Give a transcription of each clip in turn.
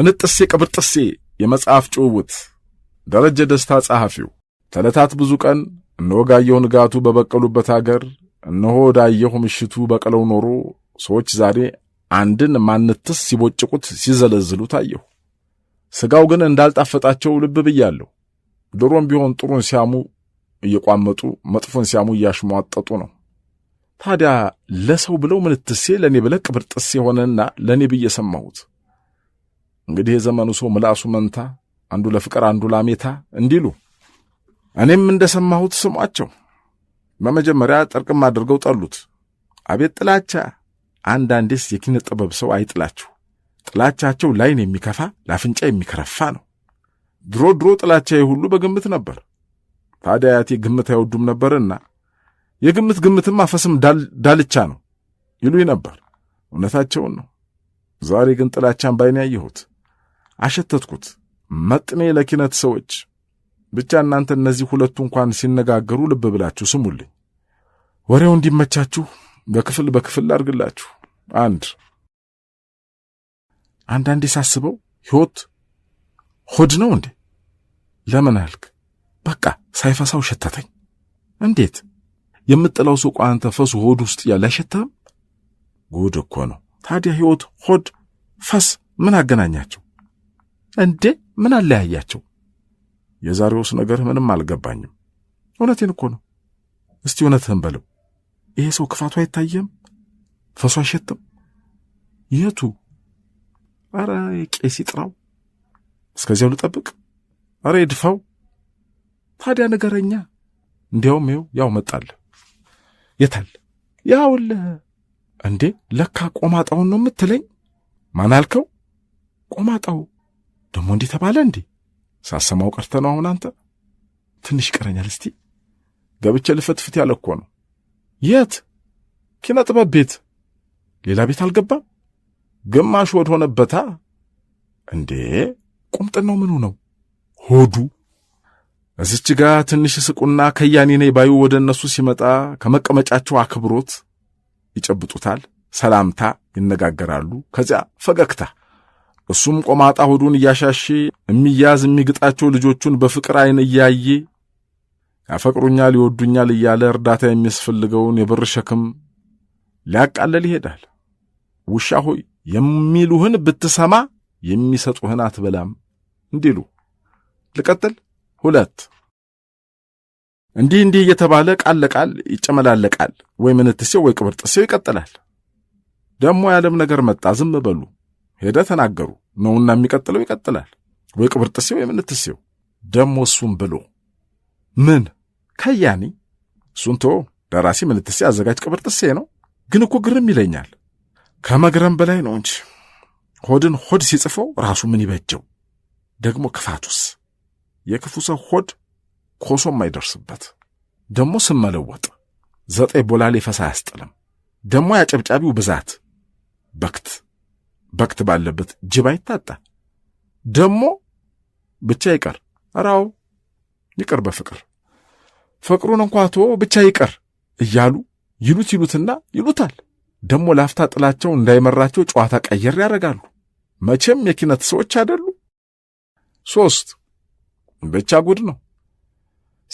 ምንጥሴ ቅብርጥሴ የመጽሐፍ ጭውውት ደረጀ ደስታ ጸሐፊው። ተለታት ብዙ ቀን እነወጋየሁ ንጋቱ በበቀሉበት አገር እነሆ ወዳየሁ ምሽቱ በቀለው ኖሮ ሰዎች ዛሬ አንድን ማንትስ ሲቦጭቁት ሲዘለዝሉ ታየሁ። ሥጋው ግን እንዳልጣፈጣቸው ልብ ብያለሁ። ድሮም ቢሆን ጥሩን ሲያሙ እየቋመጡ መጥፎን ሲያሙ እያሽሟጠጡ ነው። ታዲያ ለሰው ብለው ምንትሴ ለእኔ ብለህ ቅብርጥሴ የሆነና ለእኔ ብዬ ሰማሁት። እንግዲህ የዘመኑ ሰው ምላሱ መንታ፣ አንዱ ለፍቅር አንዱ ላሜታ እንዲሉ እኔም እንደሰማሁት ስሟቸው። በመጀመሪያ ጥርቅም አድርገው ጠሉት። አቤት ጥላቻ! አንዳንዴስ የኪነ ጥበብ ሰው አይጥላችሁ። ጥላቻቸው ላይን የሚከፋ ለአፍንጫ የሚከረፋ ነው። ድሮ ድሮ ጥላቻ ሁሉ በግምት ነበር። ታዲያ አያቴ ግምት አይወዱም ነበርና የግምት ግምትም አፈስም ዳልቻ ነው ይሉኝ ነበር። እውነታቸውን ነው። ዛሬ ግን ጥላቻን ባይን ያየሁት አሸተትኩት መጥኔ ለኪነት ሰዎች ብቻ እናንተ እነዚህ ሁለቱ እንኳን ሲነጋገሩ ልብ ብላችሁ ስሙልኝ። ወሬው እንዲመቻችሁ በክፍል በክፍል ላድርግላችሁ። አንድ አንዳንዴ ሳስበው ሕይወት ሆድ ነው እንዴ? ለምን አልክ? በቃ ሳይፈሳው ሸተተኝ። እንዴት የምጥለው ሱቅ አንተ ፈሱ ሆድ ውስጥ ያለ አይሸተም? ጉድ እኮ ነው። ታዲያ ሕይወት ሆድ ፈስ ምን አገናኛቸው? እንዴ ምን አለያያቸው? የዛሬውስ ነገር ምንም አልገባኝም። እውነቴን እኮ ነው። እስቲ እውነትህን በለው። ይሄ ሰው ክፋቱ አይታየም? ፈሱ አይሸትም? የቱ? አረ ቄስ ይጥራው። እስከዚያው ልጠብቅ? አረ ይድፋው። ታዲያ ንገረኛ። እንዲያውም ይኸው ያው መጣልህ። የታል? ያውልህ። እንዴ ለካ ቆማጣውን ነው የምትለኝ? ማን አልከው? ቆማጣው ደግሞ እንዲህ ተባለ እንዴ? ሳሰማው ቀርተ ነው። አሁን አንተ ትንሽ ይቀረኛል። እስቲ ገብቼ ልፈትፍት ያለ እኮ ነው። የት ኪነ ጥበብ ቤት? ሌላ ቤት አልገባም። ግማሽ ወድ ሆነበታ እንዴ! ቁምጥናው ምኑ ነው ሆዱ? እዚች ጋ ትንሽ ስቁና ከያኔ ነኝ ባዩ ወደ እነሱ ሲመጣ ከመቀመጫቸው አክብሮት ይጨብጡታል፣ ሰላምታ ይነጋገራሉ፣ ከዚያ ፈገግታ እሱም ቆማጣ ሆዱን እያሻሸ የሚያዝ የሚግጣቸው ልጆቹን በፍቅር አይን እያየ ያፈቅሩኛል፣ ይወዱኛል እያለ እርዳታ የሚያስፈልገውን የብር ሸክም ሊያቃለል ይሄዳል። ውሻ ሆይ የሚሉህን ብትሰማ የሚሰጡህን አትበላም እንዲሉ ልቀጥል። ሁለት እንዲህ እንዲህ እየተባለ ቃል ለቃል ይጨመላለቃል። ወይ ምንትሴው ወይ ቅብርጥሴው ይቀጥላል። ደግሞ ያለም ነገር መጣ። ዝም በሉ ሄደ ተናገሩ ነውና የሚቀጥለው ይቀጥላል ወይ ቅብር የምንትሴው ደሞ እሱም ብሎ ምን ከያኒ እሱንቶ ደራሲ ምን አዘጋጅ ቅብር ጥሴ ነው። ግን እኮ ግርም ይለኛል ከመግረም በላይ ነው እንጂ ሆድን ሆድ ሲጽፈው ራሱ ምን ይበጀው ደግሞ ክፋቱስ የክፉ ሰው ሆድ ኮሶም አይደርስበት። ደሞ ስመለወጥ ዘጠኝ ቦላሌ ፈሳ አያስጥልም። ደሞ ያጨብጫቢው ብዛት በክት በክት ባለበት ጅብ አይታጣ። ደሞ ብቻ ይቀር፣ ራው ይቀር፣ በፍቅር ፍቅሩን እንኳ ትቶ ብቻ ይቀር እያሉ ይሉት ይሉትና ይሉታል። ደሞ ላፍታ ጥላቸው እንዳይመራቸው ጨዋታ ቀየር ያደርጋሉ። መቼም የኪነት ሰዎች አይደሉ። ሶስት ብቻ ጉድ ነው።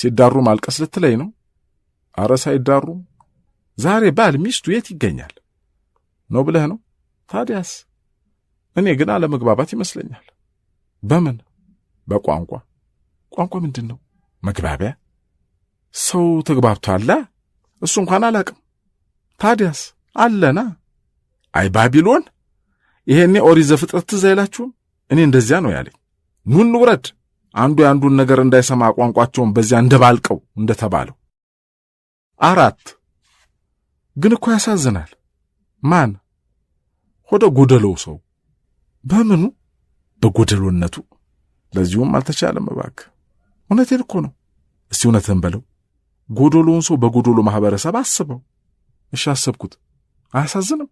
ሲዳሩ ማልቀስ ልትለይ ነው። አረ ሳይዳሩም ዛሬ ባል ሚስቱ የት ይገኛል ነው ብለህ ነው ታዲያስ? እኔ ግን አለመግባባት ይመስለኛል። በምን? በቋንቋ። ቋንቋ ምንድን ነው? መግባቢያ። ሰው ተግባብቶ አለ? እሱ እንኳን አላቅም። ታዲያስ አለና። አይ ባቢሎን፣ ይሄኔ ኦሪት ዘፍጥረት ትዝ አይላችሁም? እኔ እንደዚያ ነው ያለኝ። ኑን ውረድ አንዱ የአንዱን ነገር እንዳይሰማ ቋንቋቸውን በዚያ እንደባልቀው እንደተባለው። አራት ግን እኮ ያሳዝናል። ማን? ሆደ ጎደለው ሰው በምኑ በጎደሎነቱ ለዚሁም አልተቻለም። እባክህ እውነቴን እኮ ነው። እስቲ እውነትን በለው። ጎዶሎውን ሰው በጎዶሎ ማህበረሰብ አስበው። እሺ አሰብኩት። አያሳዝንም?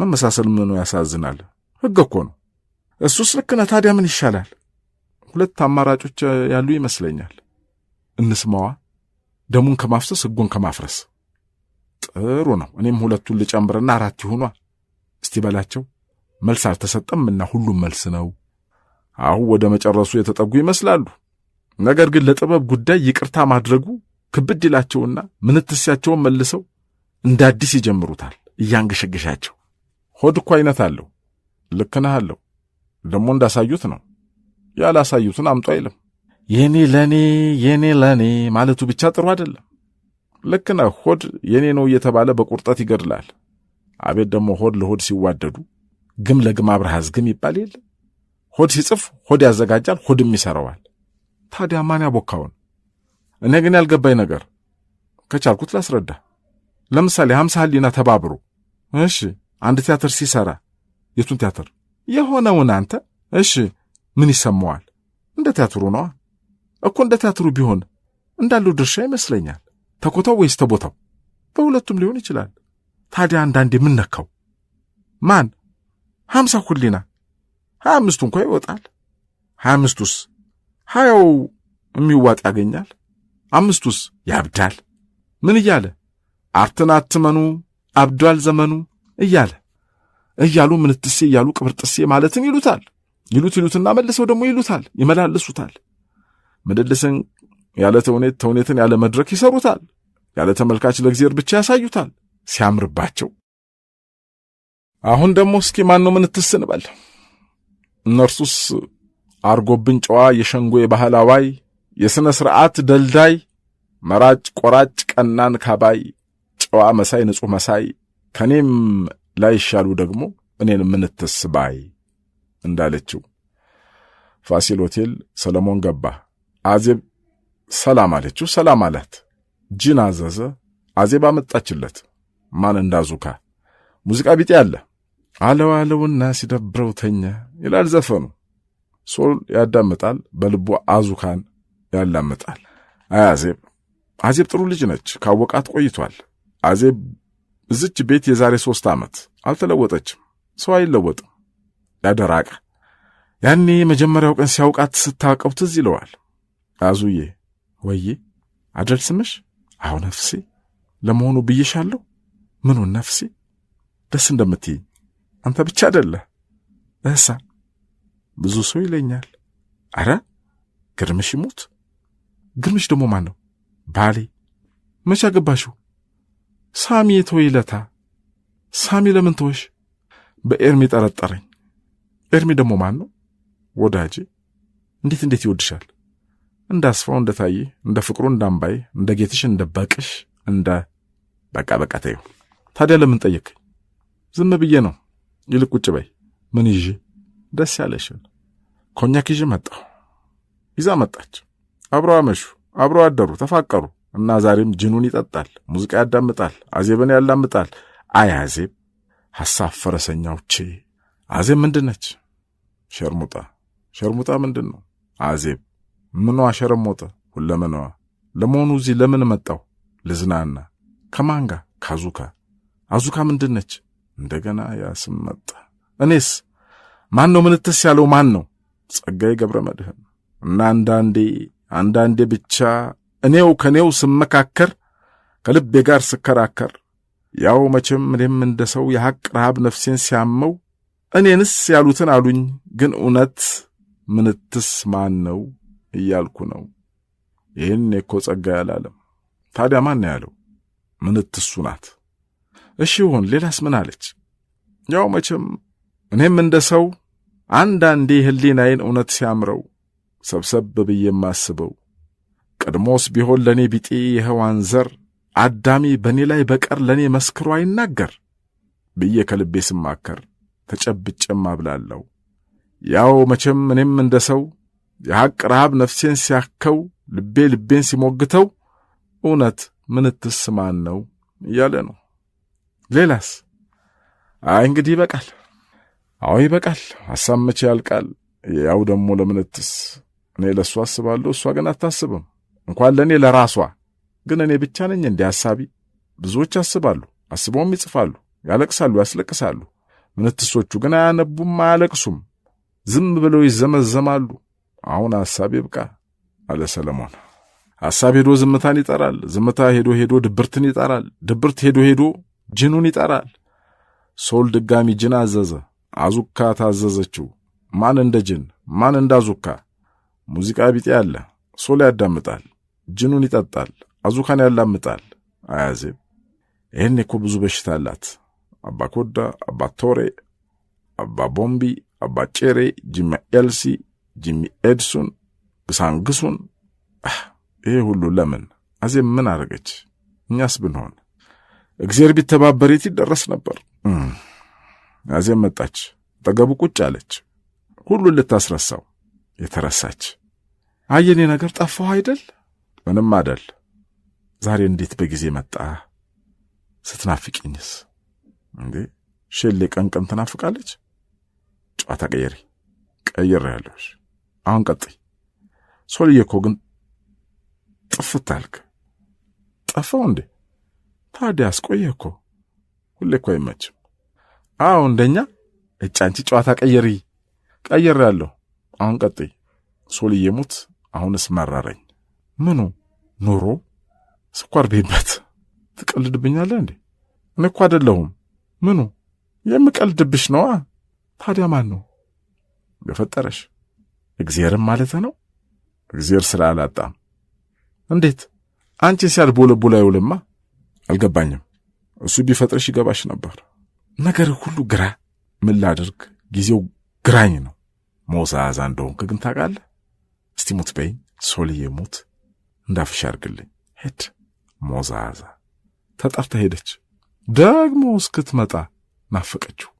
መመሳሰል ምኑ ያሳዝናል? ህግ እኮ ነው። እሱስ ልክ ነህ። ታዲያ ምን ይሻላል? ሁለት አማራጮች ያሉ ይመስለኛል። እንስማዋ፣ ደሙን ከማፍሰስ ህጉን ከማፍረስ። ጥሩ ነው። እኔም ሁለቱን ልጨምርና አራት ይሁኗ። እስቲ በላቸው መልስ አልተሰጠም እና ሁሉም መልስ ነው። አሁን ወደ መጨረሱ የተጠጉ ይመስላሉ። ነገር ግን ለጥበብ ጉዳይ ይቅርታ ማድረጉ ክብድ ይላቸውና ምንትስያቸውን መልሰው እንደ አዲስ ይጀምሩታል እያንገሸገሻቸው። ሆድ እኮ አይነት አለው። ልክ ነህ አለው። ደግሞ እንዳሳዩት ነው። ያላሳዩትን አምጡ አይልም። የኔ ለኔ የኔ ለኔ ማለቱ ብቻ ጥሩ አይደለም። ልክ ነህ ሆድ የኔ ነው እየተባለ በቁርጠት ይገድላል። አቤት ደግሞ ሆድ ለሆድ ሲዋደዱ ግም ለግም አብርሃዝ ግም ይባል የለ ሆድ ሲጽፍ ሆድ ያዘጋጃል፣ ሆድም ይሰራዋል። ታዲያ ማን ያቦካውን? እኔ ግን ያልገባኝ ነገር ከቻልኩት ላስረዳ። ለምሳሌ ሀምሳ ህሊና ተባብሮ እሺ፣ አንድ ቲያትር ሲሰራ የቱን ቲያትር የሆነውን አንተ እሺ፣ ምን ይሰማዋል? እንደ ቲያትሩ ነዋ እኮ። እንደ ቲያትሩ ቢሆን እንዳለው ድርሻ ይመስለኛል። ተኮታው ወይስ ተቦታው? በሁለቱም ሊሆን ይችላል። ታዲያ አንዳንዴ የምነካው ማን ሀምሳ ኩሊና ሀያ አምስቱ እንኳ ይወጣል። ሀያ አምስቱስ ሀያው የሚዋጥ ያገኛል፣ አምስቱስ ያብዳል። ምን እያለ አርትን አትመኑ አብዷል ዘመኑ እያለ እያሉ ምንትሴ እያሉ ቅብርጥሴ ማለትን ይሉታል። ይሉት ይሉትና መልሰው ደግሞ ይሉታል፣ ይመላልሱታል። ምልልስን ያለ ተውኔት፣ ተውኔትን ያለ መድረክ ይሰሩታል። ያለ ተመልካች ለእግዚአብሔር ብቻ ያሳዩታል ሲያምርባቸው አሁን ደግሞ እስኪ ማን ነው ምንትስ እንበል። እነርሱስ አርጎብን ጨዋ፣ የሸንጎ የባህል አዋይ፣ የሥነ ሥርዓት ደልዳይ፣ መራጭ ቆራጭ፣ ቀናን ካባይ፣ ጨዋ መሳይ፣ ንጹሕ መሳይ፣ ከኔም ላይሻሉ ደግሞ እኔን ምንትስ ባይ እንዳለችው ፋሲል ሆቴል ሰለሞን ገባ። አዜብ ሰላም አለችው፣ ሰላም አላት። ጅን አዘዘ፣ አዜብ አመጣችለት። ማን እንዳዙካ ሙዚቃ ቢጤ አለ። አለው አለውና ሲደብረው ተኛ ይላል ዘፈኑ። ሶል ያዳምጣል፣ በልቡ አዙካን ያላምጣል። አይ አዜብ አዜብ ጥሩ ልጅ ነች፣ ካወቃት ቆይቷል። አዜብ እዝች ቤት የዛሬ ሶስት ዓመት አልተለወጠችም። ሰው አይለወጥም፣ ያደራቀ ያኔ የመጀመሪያው ቀን ሲያውቃት ስታውቀው ትዝ ይለዋል። አዙዬ ወዬ አደል ስምሽ? አዎ ነፍሴ። ለመሆኑ ብዬሻለሁ? ምኑን ነፍሴ? ደስ እንደምትይኝ አንተ ብቻ አይደለህ እህሳ ብዙ ሰው ይለኛል። አረ ግርምሽ ይሙት። ግርምሽ ደግሞ ማን ነው? ባሌ። መቼ አገባሽው? ሳሚ የተወ ይለታ። ሳሚ ለምን ተወሽ? በኤርሚ ጠረጠረኝ። ኤርሚ ደግሞ ማን ነው? ወዳጄ። እንዴት እንዴት ይወድሻል! እንደ አስፋው፣ እንደ ታዬ፣ እንደ ፍቅሩ፣ እንደ አምባዬ፣ እንደ ጌትሽ፣ እንደ በቅሽ፣ እንደ በቃ በቃ ተይው። ታዲያ ለምን ጠየቅኝ? ዝም ብዬ ነው ይልቅ ቁጭ በይ። ምን ይዤ? ደስ ያለሽን ኮኛክ ይዤ መጣሁ። ይዛ መጣች። አብረው አመሹ፣ አብረው አደሩ፣ ተፋቀሩ እና ዛሬም ጅኑን ይጠጣል፣ ሙዚቃ ያዳምጣል፣ አዜብን ያላምጣል። አይ አዜብ ሐሳብ ፈረሰኛውቼ። አዜብ ምንድን ነች? ሸርሙጣ። ሸርሙጣ ምንድን ነው? አዜብ ምኗ ሸረሞጠ? ሁለመናዋ። ለመሆኑ እዚህ ለምን መጣው? ልዝናና። ከማን ጋር? ካዙካ። አዙካ ምንድን ነች? እንደገና ያ ስም መጣ። እኔስ ማን ነው? ምንትስ ያለው ማን ነው? ጸጋዬ ገብረ መድህን እና አንዳንዴ አንዳንዴ ብቻ እኔው ከኔው ስመካከር ከልቤ ጋር ስከራከር ያው መቼም እኔም እንደ ሰው የሐቅ ረሃብ ነፍሴን ሲያመው እኔንስ ያሉትን አሉኝ፣ ግን እውነት ምንትስ ማን ነው እያልኩ ነው። ይህን እኮ ጸጋዬ አላለም። ታዲያ ማን ነው ያለው? ምንትሱ ናት። እሺ ይሆን ሌላስ ምን አለች? ያው መቼም እኔም እንደ ሰው አንዳንዴ ሕሊናዬን እውነት ሲያምረው ሰብሰብ ብዬ የማስበው ቀድሞስ ቢሆን ለእኔ ቢጤ የሕዋን ዘር አዳሚ በእኔ ላይ በቀር ለእኔ መስክሮ አይናገር ብዬ ከልቤ ስማከር ተጨብጬም አብላለሁ። ያው መቼም እኔም እንደ ሰው የሐቅ ረሃብ ነፍሴን ሲያከው ልቤ ልቤን ሲሞግተው እውነት ምንትስ ማን ነው እያለ ነው። ሌላስ አይ እንግዲህ ይበቃል። አዎ ይበቃል። ሐሳብ መቼ ያልቃል? ያው ደግሞ ለምንትስ እኔ ለሷ አስባለሁ፣ እሷ ግን አታስብም። እንኳን ለእኔ ለራሷ ግን እኔ ብቻ ነኝ እንዲህ ሐሳቢ። ብዙዎች ያስባሉ፣ አስበውም ይጽፋሉ፣ ያለቅሳሉ፣ ያስለቅሳሉ። ምንትሶቹ ግን አያነቡም፣ አያለቅሱም፣ ዝም ብለው ይዘመዘማሉ። አሁን ሐሳብ ይብቃ አለ ሰለሞን። ሐሳብ ሄዶ ዝምታን ይጠራል። ዝምታ ሄዶ ሄዶ ድብርትን ይጠራል። ድብርት ሄዶ ሄዶ ጅኑን ይጠራል። ሶል ድጋሚ ጅን አዘዘ። አዙካ ታዘዘችው። ማን እንደ ጅን ማን እንደ አዙካ? ሙዚቃ ቢጤ አለ። ሶል ያዳምጣል፣ ጅኑን ይጠጣል፣ አዙካን ያላምጣል። አያዜብ ይህን እኮ ብዙ በሽታ አላት። አባ ኮዳ፣ አባ ቶሬ፣ አባ ቦምቢ፣ አባ ጬሬ፣ ጂሚ ኤልሲ፣ ጂሚ ኤድሱን፣ ግሳንግሱን። ይሄ ሁሉ ለምን? አዜብ ምን አረገች? እኛስ ብንሆን እግዚአብሔር ቢተባበር የት ይደረስ ነበር? አዚያም መጣች። አጠገቡ ቁጭ አለች። ሁሉን ልታስረሳው የተረሳች አየኔ ነገር ጠፋሁ አይደል? ምንም አደል። ዛሬ እንዴት በጊዜ መጣ? ስትናፍቂኝስ? እንዴ ሼሌ ቀን ትናፍቃለች። ጨዋታ ቀየሪ። ቀይር ያለሽ አሁን ቀጥይ። ሶልዬ እኮ ግን ጥፍት አልክ። ጠፋው እንዴ? ታዲያ አስቆየ እኮ። ሁሌ እኮ አይመችም። አዎ እንደኛ እጭ አንቺ ጨዋታ ቀየሪ ቀየር ያለሁ አሁን ቀጥይ። ሶልዬ ሙት አሁንስ መረረኝ ምኑ ኑሮ ስኳር ቤበት ትቀልድብኛለህ እንዴ? እኔ እኮ አይደለሁም። ምኑ የምቀልድብሽ ነዋ። ታዲያ ማን ነው በፈጠረሽ? እግዚአብሔርም ማለት ነው። እግዚአብሔር አላጣም እንዴት አንቺ ሲያድቦለቦላ አይውልማ። አልገባኝም። እሱ ቢፈጥርሽ ይገባሽ ነበር። ነገር ሁሉ ግራ ምን ላድርግ? ጊዜው ግራኝ ነው። መውዛዛ እንደሆንክ ግን ታውቃለህ። እስቲ ሙት በይኝ ሶልዬ፣ ሙት እንዳፍሻ አድርግልኝ። ሄድ መውዛዛ ተጠርታ ሄደች። ደግሞ እስክትመጣ ናፈቀችው።